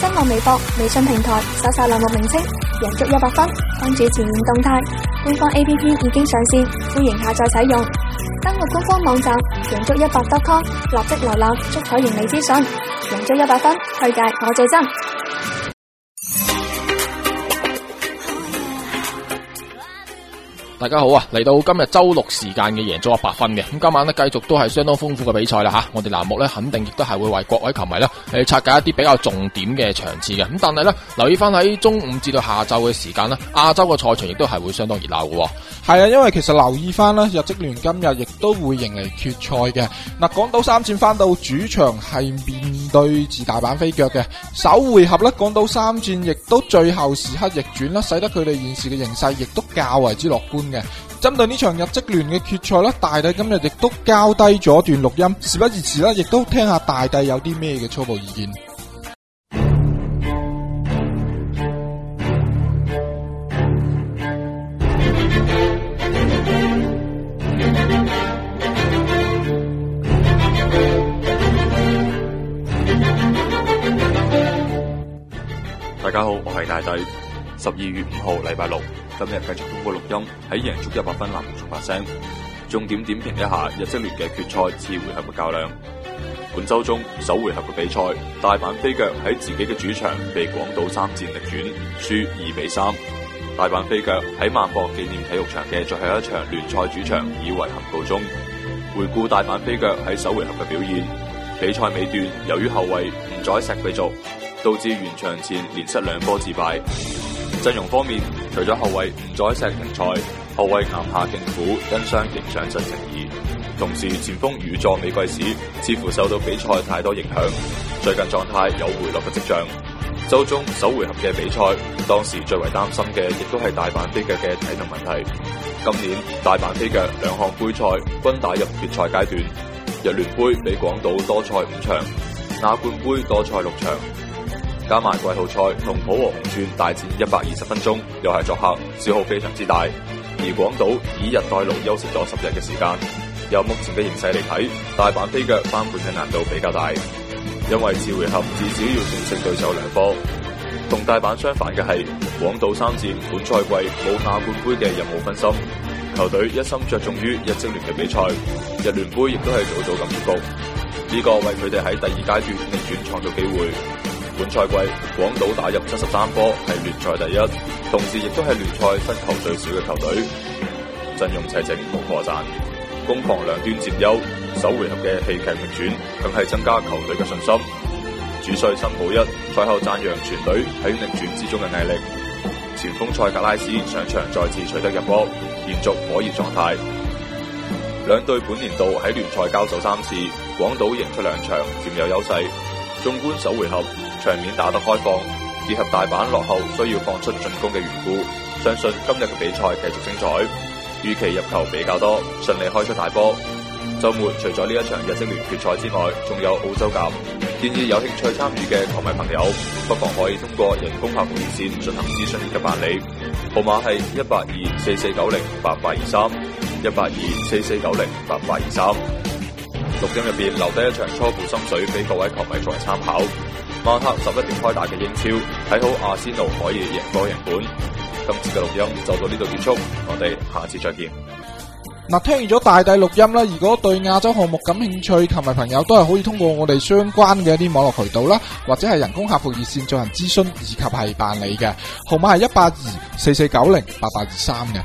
新浪微博、微信平台，搜索欄目名稱“贏足一百分”，關注前沿動態。官方 APP 已經上線，歡迎下載使用。登錄官方網站“贏足一百分 .com”，立即瀏覽足彩盈利資訊。贏足一百分，推介我最真。大家好啊！嚟到今日周六時間嘅贏足 100FUN 嘅，咁今晚呢，繼續都係相當豐富嘅比賽啦嚇。我哋欄目呢，肯定亦都係會為各位球迷咧嚟拆解一啲比較重點嘅場次嘅。咁但係呢，留意翻喺中午至到下晝嘅時間呢，亞洲嘅賽場亦都係會相當熱鬧嘅。係啊，因為其實留意翻呢，日職聯今日亦都會迎嚟決賽嘅。嗱，廣島三箭翻到主場係面對住大阪飛腳嘅首回合呢，廣島三箭亦都最後時刻逆轉啦，使得佢哋現時嘅形勢亦都較為之樂觀的。針對呢場日職聯嘅決賽啦，大帝今日亦都交低咗段錄音，事不宜遲啦，亦都聽下大帝有啲咩嘅初步意見。大家好，我係大帝，十二月五號禮拜六。今日繼續通過錄音喺贏足一百分欄目中發聲，重點點評一下日職聯嘅決賽次回合嘅較量。本周中首回合嘅比賽，大阪飛腳喺自己嘅主場被廣島三箭逆轉，輸二比三。大阪飛腳喺萬博紀念體育場嘅最後一場聯賽主場以遺憾告終。回顧大阪飛腳喺首回合嘅表現，比賽尾段由於後衛吳宰石被逐，導致完場前連失兩波自敗。陣容方面。除咗後衛吳載石停賽，後衛岩下敬輔因傷停上陣情二，同時前鋒宇佐美貴史似乎受到比賽太多影響，最近狀態有回落嘅跡象。周中首回合嘅比賽，當時最為擔心嘅亦都係大阪飛腳嘅體能問題。今年大阪飛腳兩項杯賽均打入決賽階段，日聯杯比廣島多賽五場，亞冠杯多賽六場。加埋季後賽同浦和紅鑽大戰一百二十分鐘，又係作客，消耗非常之大。而廣島以逸待勞休息咗十日嘅時間，由目前嘅形勢嚟睇，大阪飛腳翻盤嘅難度比較大，因為次回合至少要戰勝對手兩波，同大阪相反嘅係廣島三戰本賽季冇亞冠杯嘅任務分心，球隊一心着重於日職聯嘅比賽，日聯杯亦都係早早咁結束，呢個為佢哋喺第二階段逆轉創造機會。本賽季，廣島打入七十三波，係聯賽第一，同時亦都係聯賽失球最少嘅球隊。陣容齊整，冇破綻，攻防兩端佔優。首回合嘅戲劇逆轉，更係增加球隊嘅信心。主帥森保一賽後讚揚全隊喺逆轉之中嘅毅力，力。前鋒塞格拉斯上場再次取得入波，延續火熱狀態。兩隊本年度喺聯賽交手三次，廣島贏出兩場佔優勢，佔有優勢。縱觀首回合。場面打得開放，結合大阪落後需要放出進攻嘅緣故，相信今日嘅比賽繼續精彩，預期入球比較多，順利開出大波。周末除咗呢一場日職聯決賽之外，仲有澳洲甲，建議有興趣參與嘅球迷朋友，不妨可以通過人工客服熱線進行諮詢及辦理，號碼係一八二四四九零八八二三一八二四四九零八八二三。錄音入邊留低一場初步心水俾各位球迷作為參考。晚黑十一點開打嘅英超，睇好阿仙奴可以贏波贏本。今次嘅錄音就到呢度結束，我哋下次再見。嗱，聽完咗大帝錄音啦，如果對亞洲項目感興趣，球迷朋友都係可以通過我哋相關嘅一啲網絡渠道啦，或者係人工客服熱線進行諮詢以及係辦理嘅，號碼係一八二四四九零八八二三嘅。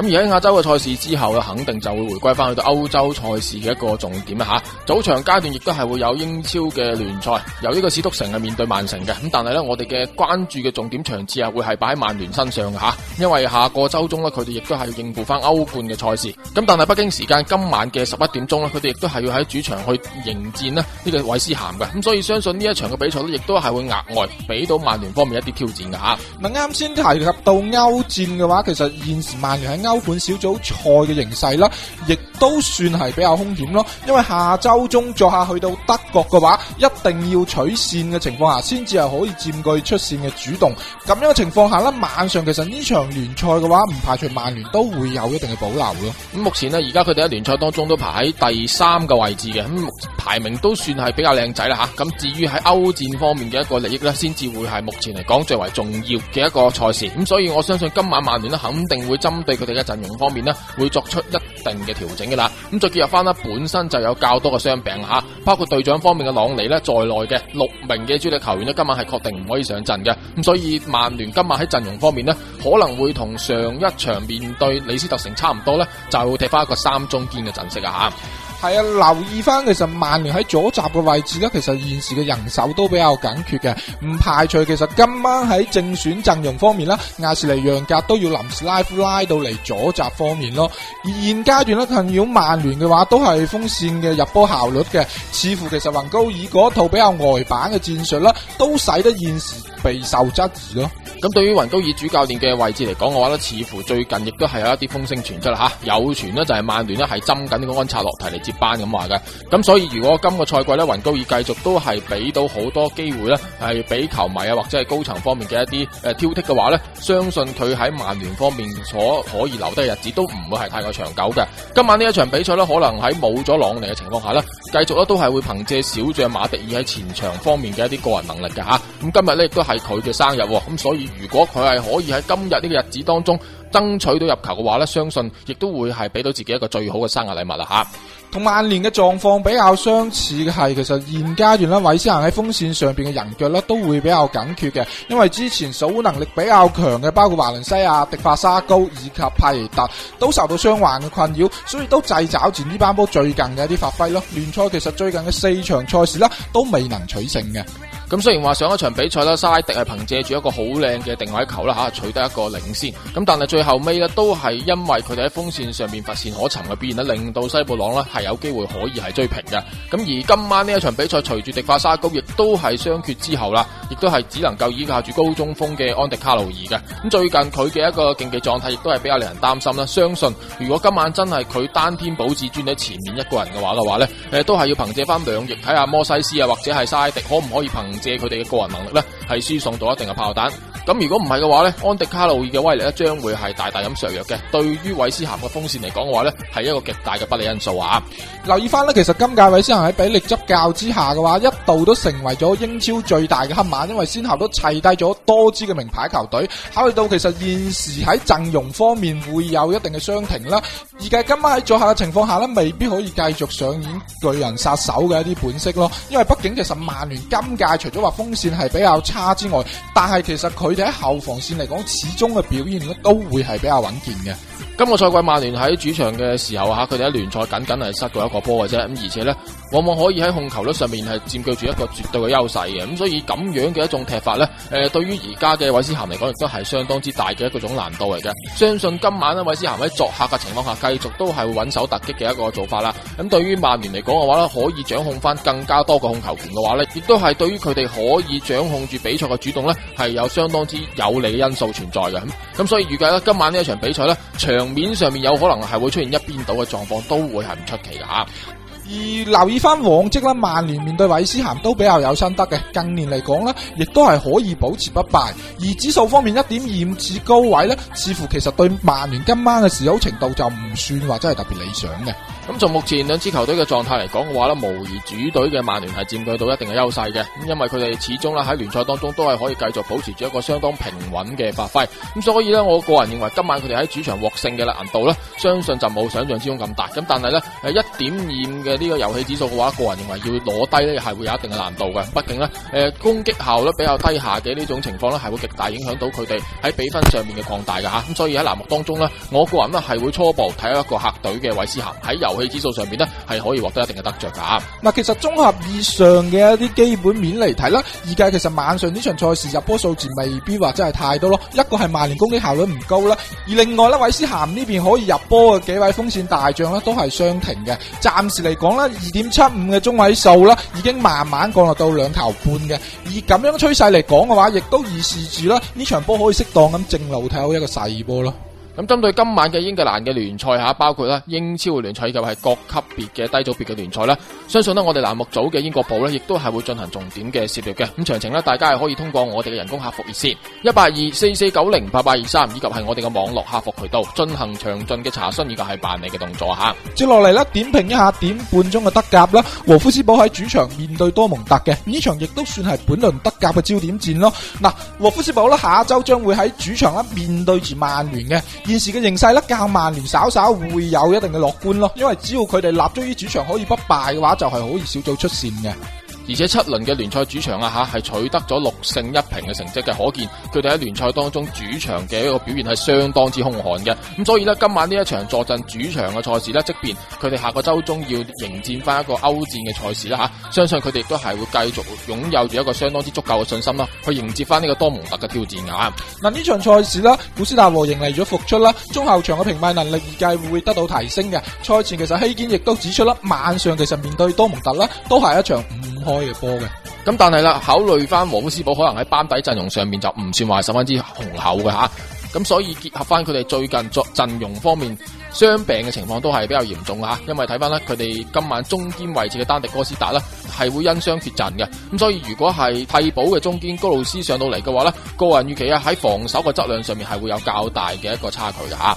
咁而喺亞洲嘅賽事之後咧，肯定就會回歸翻去到歐洲賽事嘅一個重點啦、啊、早場階段亦都係會有英超嘅聯賽，由呢個史篤城啊面對曼城嘅。咁但係咧，我哋嘅關注嘅重點場次啊，會係擺喺曼聯身上嘅嚇、啊。因為下個週中咧，佢哋亦都係要應付翻歐冠嘅賽事。咁、啊、但係北京時間今晚嘅十一點鐘咧，佢哋亦都係要喺主場去迎戰啦呢、呢個韋斯咸嘅。咁、啊、所以相信呢一場嘅比賽咧，亦都係會額外俾到曼聯方面一啲挑戰嘅嚇。嗱，啱先提及到歐戰嘅話，其實現時曼聯喺歐歐冠小組賽嘅形勢啦，亦都算係比較兇險咯，因為下周中作客去到德國嘅話，一定要取綫嘅情況下，先至係可以佔據出綫嘅主動。咁樣嘅情況下咧，晚上其實呢場聯賽嘅話，唔排除曼聯都會有一定嘅保留咯。咁目前咧，而家佢哋喺聯賽當中都排喺第三個位置嘅，咁排名都算係比較靚仔啦吓。咁至於喺歐戰方面嘅一個利益咧，先至會係目前嚟講最為重要嘅一個賽事。咁所以我相信今晚曼聯咧肯定會針對佢哋嘅陣容方面咧，會作出一定嘅調整。啦，咁再結合翻啦，本身就有較多嘅傷病吓，包括隊長方面嘅朗尼呢在內嘅六名嘅主力球員呢，今晚係確定唔可以上陣嘅，咁所以曼聯今晚喺陣容方面呢，可能會同上一場面對李斯特城差唔多呢，就會踢翻一個三中堅嘅陣式啊吓。係啊，留意翻其實曼聯喺左閘嘅位置咧，其實現時嘅人手都比較緊缺嘅，唔排除其實今晚喺正選陣容方面啦，亞士尼、楊格都要臨時拉夫拉到嚟，左閘方面咯。而現階段咧，困擾曼聯嘅話都係鋒線嘅入波效率嘅，似乎其實雲高爾嗰套比較呆板嘅戰術啦，都使得現時備受質疑咯。咁對於雲高爾主教練嘅位置嚟講嘅話呢，似乎最近亦都係有一啲風聲傳出啦吓、啊，有傳呢，就係曼聯呢係針緊呢個安察洛提嚟接班咁話嘅。咁所以如果今個賽季呢，雲高爾繼續都係俾到好多機會呢，係俾球迷啊或者係高層方面嘅一啲誒、呃、挑剔嘅話呢，相信佢喺曼聯方面所可以留低嘅日子都唔會係太過長久嘅。今晚呢一場比賽呢，可能喺冇咗朗尼嘅情況下呢，繼續呢都係會憑借小將馬迪爾喺前場方面嘅一啲個人能力嘅吓。咁、啊、今日呢，亦都係佢嘅生日，咁、啊、所以。如果佢係可以喺今日呢個日子當中爭取到入球嘅話咧，相信亦都會係俾到自己一個最好嘅生日禮物啦吓。同曼聯嘅狀況比較相似嘅係，其實現階段咧，韋斯咸喺鋒線上邊嘅人腳咧都會比較緊缺嘅，因為之前守能力比較強嘅，包括華倫西亞、迪法沙高以及派爾特都受到傷患嘅困擾，所以都祭找住呢班波最近嘅一啲發揮咯。聯賽其實最近嘅四場賽事咧都未能取勝嘅。咁雖然話上一場比賽啦，沙迪係憑借住一個好靚嘅定位球啦吓取得一個領先，咁但係最後尾咧都係因為佢哋喺鋒線上面乏善可陳嘅表現咧，令到西布朗呢係有機會可以係追平嘅。咁而今晚呢一場比賽隨住迪化沙高亦都係傷缺之後啦。亦都係只能夠依靠住高中鋒嘅安迪卡路爾嘅，咁最近佢嘅一個競技狀態亦都係比較令人擔心啦。相信如果今晚真係佢單天保至尊喺前面一個人嘅話嘅話呢，誒都係要憑借翻兩翼睇下摩西斯啊，或者係沙迪可唔可以憑借佢哋嘅個人能力呢？係輸送到一定嘅炮彈。咁如果唔係嘅話呢，安迪卡路爾嘅威力咧，將會係大大咁削弱嘅，對於韋斯咸嘅鋒線嚟講嘅話呢係一個極大嘅不利因素啊！留意翻呢，其實今屆韋斯咸喺比力執教之下嘅話，一度都成為咗英超最大嘅黑馬，因為先後都砌低咗多支嘅名牌球隊，考慮到其實現時喺陣容方面會有一定嘅傷停啦，而家今晚喺作客嘅情況下呢未必可以繼續上演巨人殺手嘅一啲本色咯，因為畢竟其實曼聯今屆除咗話鋒線係比較差之外，但係其實佢。佢哋喺後防線嚟講，始終嘅表現咧都會係比較穩健嘅。今個賽季曼聯喺主場嘅時候吓，佢哋喺聯賽僅僅係失過一個波嘅啫。咁而且呢，往往可以喺控球率上面係佔據住一個絕對嘅優勢嘅。咁所以咁樣嘅一種踢法呢，誒、呃，對於而家嘅韋斯咸嚟講，亦都係相當之大嘅一個種難度嚟嘅。相信今晚呢，韋斯咸喺作客嘅情況下，繼續都係會穩守突擊嘅一個做法啦。咁對於曼聯嚟講嘅話咧，可以掌控翻更加多個控球權嘅話呢，亦都係對於佢哋可以掌控住比賽嘅主動呢，係有相當之有利嘅因素存在嘅。咁所以預計呢，今晚呢一場比賽呢。長面上面有可能係會出現一邊倒嘅狀況，都會係唔出奇嘅吓。而留意翻往績啦，曼聯面對韋斯咸都比較有心得嘅。近年嚟講咧，亦都係可以保持不敗。而指數方面一點二五至高位咧，似乎其實對曼聯今晚嘅睇好程度就唔算話真係特別理想嘅。咁從目前兩支球隊嘅狀態嚟講嘅話咧，無疑主隊嘅曼聯係佔據到一定嘅優勢嘅。咁因為佢哋始終咧喺聯賽當中都係可以繼續保持住一個相當平穩嘅發揮。咁所以咧，我個人認為今晚佢哋喺主場獲勝嘅難度咧，相信就冇想象之中咁大。咁但係咧，誒一點二嘅呢個遊戲指數嘅話，個人認為要攞低咧係會有一定嘅難度嘅。畢竟咧，誒攻擊效率比較低下嘅呢種情況咧，係會極大影響到佢哋喺比分上面嘅擴大嘅吓。咁所以喺欄目當中咧，我個人咧係會初步睇一個客隊嘅韋斯咸喺游。遊戲指數上面咧係可以獲得一定嘅得着噶。嗱，其實綜合以上嘅一啲基本面嚟睇啦，而家其實晚上呢場賽事入波數字未必話真係太多咯。一個係曼聯攻擊效率唔高啦，而另外呢，韋斯咸呢邊可以入波嘅幾位鋒線大將咧都係雙停嘅。暫時嚟講呢，二點七五嘅中位數啦，已經慢慢降落到兩球半嘅。以咁樣嘅趨勢嚟講嘅話，亦都預示住啦，呢場波可以適當咁靜流睇好一個細波咯。咁針對今晚嘅英格蘭嘅聯賽吓，包括啦英超聯賽以及係各級別嘅低組別嘅聯賽咧，相信咧我哋欄目組嘅英國部咧，亦都係會進行重點嘅涉獵嘅。咁詳情咧，大家係可以通過我哋嘅人工客服熱線一八二四四九零八八二三，823, 以及係我哋嘅網絡客服渠道進行詳盡嘅查詢以及係辦理嘅動作吓。接落嚟啦，點評一下點半鐘嘅德甲啦，禾夫斯堡喺主場面對多蒙特嘅呢場，亦都算係本輪德甲嘅焦點戰咯。嗱，禾夫斯堡啦，下周將會喺主場啦面對住曼聯嘅。現時嘅形勢咧，比較曼聯稍稍會有一定嘅樂觀咯，因為只要佢哋立足於主場可以不敗嘅話，就係可以小組出線嘅。而且七輪嘅聯賽主場啊吓，係取得咗六勝一平嘅成績嘅，可見佢哋喺聯賽當中主場嘅一個表現係相當之凶悍嘅。咁所以呢，今晚呢一場坐鎮主場嘅賽事呢，即便佢哋下個周中要迎戰翻一個歐戰嘅賽事啦吓，相信佢哋都係會繼續擁有住一個相當之足夠嘅信心啦，去迎接翻呢個多蒙特嘅挑戰啊！嗱，呢場賽事啦，古斯達和迎嚟咗復出啦，中後場嘅評邁能力預計會得到提升嘅。賽前其實希堅亦都指出啦，晚上其實面對多蒙特啦，都係一場。開嘅波嘅。咁但係啦，考慮翻禾夫斯堡可能喺班底陣容上面就唔算話十分之雄厚嘅，吓，咁所以結合翻佢哋最近作陣容方面傷病嘅情況都係比較嚴重吓，因為睇翻咧佢哋今晚中堅位置嘅丹迪哥斯達呢係會因傷缺陣嘅，咁所以如果係替補嘅中堅高路斯上到嚟嘅話咧，個人預期啊喺防守嘅質量上面係會有較大嘅一個差距嘅吓。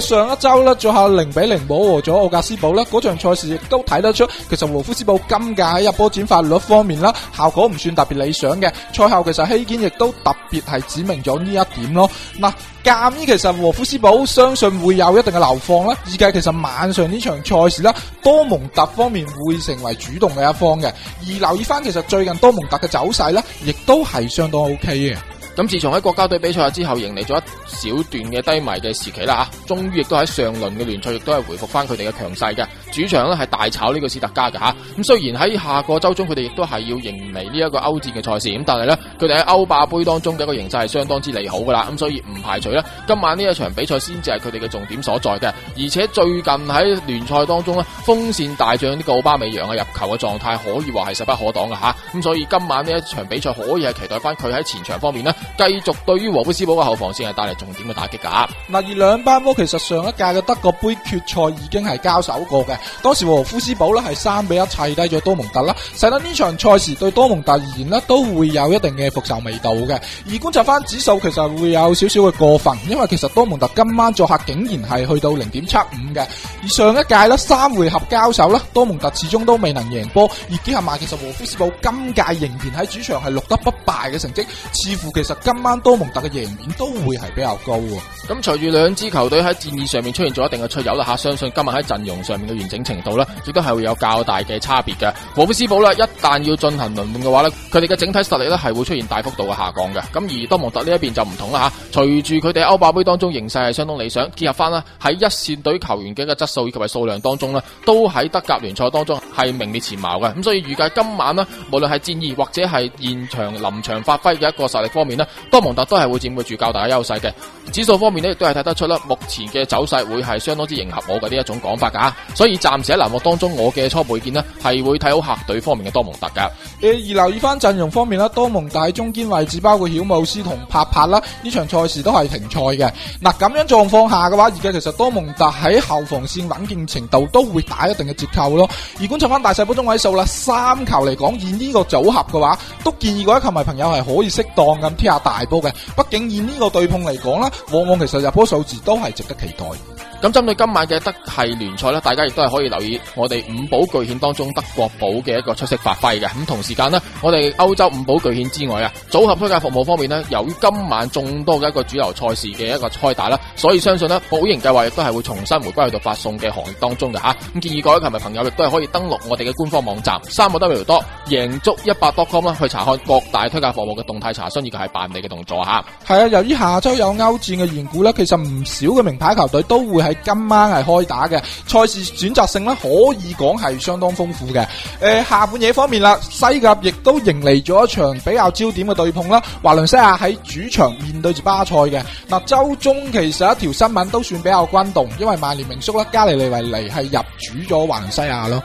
上一周咧，最後零比零保和咗奧格斯堡嗰場賽事亦都睇得出，其實和夫斯堡今屆喺入波轉化率方面啦，效果唔算特別理想嘅。賽後其實希堅亦都特別係指明咗呢一點咯。嗱，鑑於其實和夫斯堡相信會有一定嘅流放啦，預計其實晚上呢場賽事啦，多蒙特方面會成為主動嘅一方嘅。而留意翻其實最近多蒙特嘅走勢咧，亦都係相當 OK 嘅。咁自從喺國家隊比賽之後，迎嚟咗一小段嘅低迷嘅時期啦，吓，終於亦都喺上輪嘅聯賽亦都係回復翻佢哋嘅強勢嘅主場咧，係大炒呢個斯特加嘅吓。咁雖然喺下個周中佢哋亦都係要迎嚟呢一個歐戰嘅賽事，咁但係呢，佢哋喺歐霸杯當中嘅一個形勢係相當之利好噶啦，咁所以唔排除咧今晚呢一場比賽先至係佢哋嘅重點所在嘅。而且最近喺聯賽當中咧，鋒線大將呢個奧巴美揚嘅入球嘅狀態可以話係勢不可擋嘅吓，咁所以今晚呢一場比賽可以係期待翻佢喺前場方面咧。繼續對於和夫斯堡嘅後防線係帶嚟重點嘅打擊噶。嗱，而兩班波其實上一屆嘅德國杯決賽已經係交手過嘅。當時和夫斯堡呢係三比一砌低咗多蒙特啦，使得呢場賽事對多蒙特而言呢，都會有一定嘅復仇味道嘅。而觀察翻指數，其實會有少少嘅過分，因為其實多蒙特今晚作客竟然係去到零點七五嘅。而上一屆呢，三回合交手咧，多蒙特始終都未能贏波。而結合埋其實和夫斯堡今屆仍然喺主場係錄得不敗嘅成績，似乎其實。今晚多蒙特嘅贏面都會係比較高啊！咁隨住兩支球隊喺戰意上面出現咗一定嘅出油啦吓，相信今日喺陣容上面嘅完整程度呢，亦都係會有較大嘅差別嘅。禾夫斯堡呢，一旦要進行輪換嘅話呢，佢哋嘅整體實力呢係會出現大幅度嘅下降嘅。咁而多蒙特呢一邊就唔同啦吓，隨住佢哋歐霸杯當中形勢係相當理想，結合翻啦喺一綫隊球員嘅一個質素以及係數量當中呢，都喺德甲聯賽當中係名列前茅嘅。咁所以預計今晚呢，無論係戰意或者係現場臨場發揮嘅一個實力方面呢。多蒙特都係會佔據住較大嘅優勢嘅。指數方面呢，亦都係睇得出啦。目前嘅走勢會係相當之迎合我嘅呢一種講法噶，所以暫時喺欄目當中，我嘅初步意見呢，係會睇好客隊方面嘅多蒙特噶。誒，而留意翻陣容方面啦，多蒙特喺中堅位置包括曉姆斯同帕帕啦，呢場賽事都係停賽嘅。嗱，咁樣狀況下嘅話，而家其實多蒙特喺後防線穩健程度都會打一定嘅折扣咯。而觀察翻大細波中位數啦，三球嚟講，以呢個組合嘅話，都建議各位球迷朋友係可以適當咁。下大波嘅，畢竟以呢個對碰嚟講啦，往往其實入波數字都係值得期待。咁針對今晚嘅德系聯賽咧，大家亦都係可以留意我哋五保巨險當中德國寶嘅一個出色發揮嘅。咁同時間呢，我哋歐洲五保巨險之外啊，組合推介服務方面呢，由於今晚眾多嘅一個主流賽事嘅一個賽打啦，所以相信呢，保營計劃亦都係會重新回歸去到發送嘅行業當中嘅嚇。咁建議各位球迷朋友亦都係可以登錄我哋嘅官方網站三個 W 多贏足一百 .com 去查看各大推介服務嘅動態查詢，以及係辦理嘅動作嚇。係啊，由於下周有歐戰嘅緣故呢，其實唔少嘅名牌球隊都會喺今晚係開打嘅賽事選擇性咧，可以講係相當豐富嘅。誒、呃，下半野方面啦，西甲亦都迎嚟咗一場比較焦點嘅對碰啦。華倫西亞喺主場面對住巴塞嘅。嗱、呃，周中其實一條新聞都算比較轟動，因為曼聯名宿啦，加利利維尼係入主咗華倫西亞咯。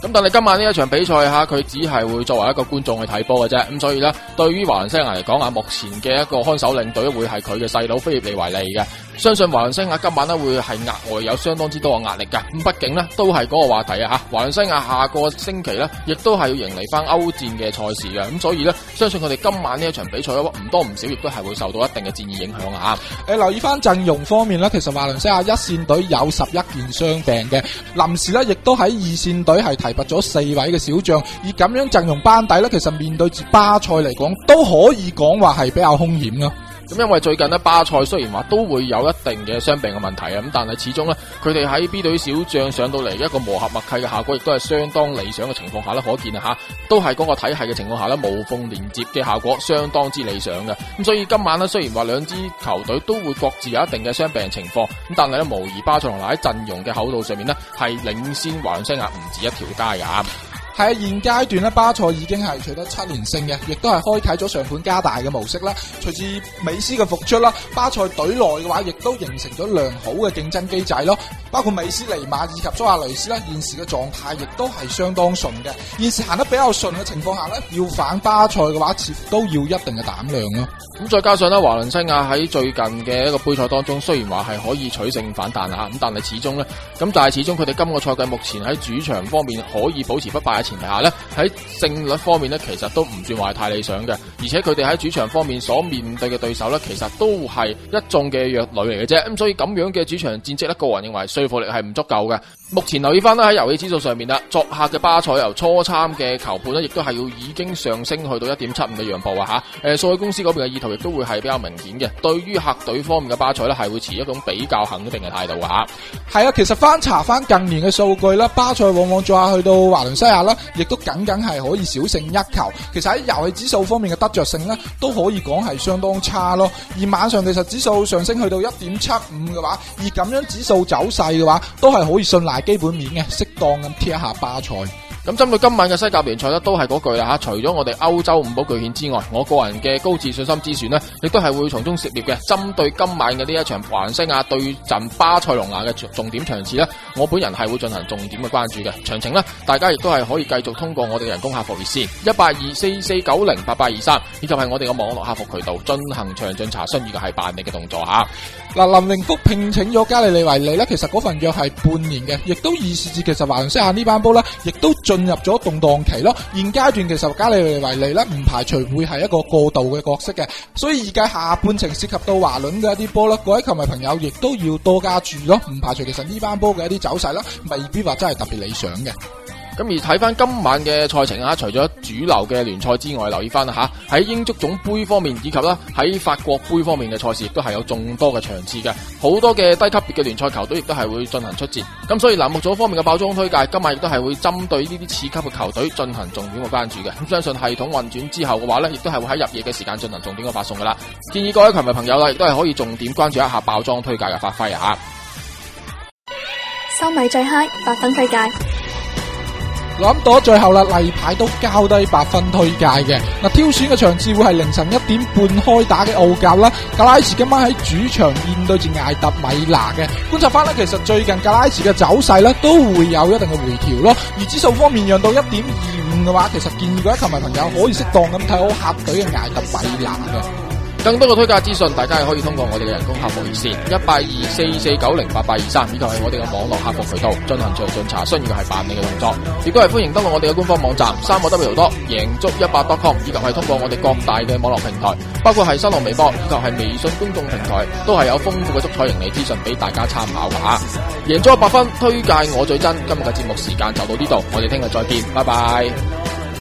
咁但係今晚呢一場比賽吓，佢只係會作為一個觀眾去睇波嘅啫。咁所以呢，對於華倫西亞嚟講啊，目前嘅一個看守領隊會係佢嘅細佬菲尼維利嘅。相信華倫西亞今晚咧會係額外有相當之多嘅壓力嘅。咁畢竟呢都係嗰個話題啊吓。華倫西亞下個星期呢，亦都係要迎嚟翻歐戰嘅賽事嘅。咁所以呢，相信佢哋今晚呢一場比賽唔多唔少，亦都係會受到一定嘅戰意影響啊。誒，留意翻陣容方面呢，其實華倫西亞一線隊有十一件傷病嘅，臨時呢亦都喺二線隊係睇提拔咗四位嘅小將，而咁樣陣容班底咧，其實面對住巴塞嚟講，都可以講話係比較凶險咯。咁因為最近呢，巴塞雖然話都會有一定嘅傷病嘅問題啊，咁但係始終呢佢哋喺 B 隊小將上到嚟一個磨合默契嘅效果，亦都係相當理想嘅情況下呢，可見啊吓，都係嗰個體系嘅情況下呢無縫連接嘅效果相當之理想嘅。咁所以今晚呢，雖然話兩支球隊都會各自有一定嘅傷病情況，咁但係呢，無疑巴塞同埋喺陣容嘅厚度上面呢，係領先華倫西亞唔止一條街噶。喺現階段咧，巴塞已經係取得七連勝嘅，亦都係開啟咗上盤加大嘅模式啦。隨住美斯嘅復出啦，巴塞隊內嘅話亦都形成咗良好嘅競爭機制咯。包括美斯、尼馬以及蘇亞雷斯啦，現時嘅狀態亦都係相當順嘅。現時行得比較順嘅情況下呢，要反巴塞嘅話，似乎都要一定嘅膽量咯。咁再加上呢，華倫西亞喺最近嘅一個杯賽當中，雖然話係可以取勝反彈吓，咁但係始終呢，咁但係始終佢哋今個賽季目前喺主場方面可以保持不敗前提下呢喺勝率方面呢，其實都唔算話太理想嘅，而且佢哋喺主場方面所面對嘅對手呢，其實都係一眾嘅弱旅嚟嘅啫，咁所以咁樣嘅主場戰績呢，個人認為說服力係唔足夠嘅。目前留意翻啦，喺遊戲指數上面啦，作客嘅巴塞由初參嘅球盤呢，亦都係要已經上升去到一點七五嘅讓步啊吓。誒，數據公司嗰邊嘅意圖亦都會係比較明顯嘅。對於客隊方面嘅巴塞呢，係會持一種比較肯定嘅態度啊。係啊，其實翻查翻近年嘅數據啦，巴塞往往再下去到華倫西亞啦，亦都僅僅係可以小勝一球。其實喺遊戲指數方面嘅得着性呢，都可以講係相當差咯。而晚上其實指數上升去到一點七五嘅話，而咁樣指數走勢嘅話，都係可以信賴。基本面嘅，適當咁貼一下巴塞。咁針對今晚嘅西甲聯賽咧，都係嗰句啦嚇，除咗我哋歐洲五寶巨獻之外，我個人嘅高自信心之選咧，亦都係會從中涉獵嘅。針對今晚嘅呢一場環西亞對陣巴塞羅那嘅重點場次咧，我本人係會進行重點嘅關注嘅。詳情咧，大家亦都係可以繼續通過我哋嘅人工客服熱線一八二四四九零八八二三，823，以及係我哋嘅網絡客服渠道進行詳盡查詢，以及係辦理嘅動作嚇。嗱，林寧福聘請咗加利尼維利咧，其實嗰份約係半年嘅，亦都意示住其實環西亞呢班波啦，亦都進。進入咗動盪期咯，現階段其實加利列為嚟咧，唔排除會係一個過渡嘅角色嘅，所以而家下半程涉及到華倫嘅一啲波啦，各位球迷朋友亦都要多加注意咯，唔排除其實呢班波嘅一啲走勢啦，未必話真係特別理想嘅。咁而睇翻今晚嘅賽程啊，除咗主流嘅聯賽之外，留意翻吓，喺英足總盃方面以及啦喺法國盃方面嘅賽事，亦都係有眾多嘅場次嘅，好多嘅低級別嘅聯賽球隊亦都係會進行出戰。咁所以欄目組方面嘅爆莊推介，今晚亦都係會針對呢啲次級嘅球隊進行重點嘅關注嘅。咁相信系統運轉之後嘅話咧，亦都係會喺入夜嘅時間進行重點嘅發送噶啦。建議各位球迷朋友啦，亦都係可以重點關注一下爆莊推介嘅發揮啊！收米最嗨，爆分推介。諗到最後啦，例牌都交低八分推介嘅。嗱，挑選嘅場次會係凌晨一點半開打嘅澳甲啦。格拉茨今晚喺主場面對住艾特米拿嘅。觀察翻咧，其實最近格拉茨嘅走勢咧都會有一定嘅回調咯。而指數方面讓到一點二五嘅話，其實建議嗰球迷朋友可以適當咁睇好客隊嘅艾特米拿嘅。更多嘅推介資訊，大家係可以通過我哋嘅人工客服熱線一八二四四九零八八二三，823, 以及係我哋嘅網絡客服渠道進行詳盡查詢，以及係辦理嘅動作。亦都係歡迎登錄我哋嘅官方網站三個 W 多贏足一百 .com，以及係通過我哋各大嘅網絡平台，包括係新浪微博，以及係微信公眾平台，都係有豐富嘅足彩盈利資訊俾大家參考下吓。贏足一百分，推介我最真。今日嘅節目時間就到呢度，我哋聽日再見，拜拜。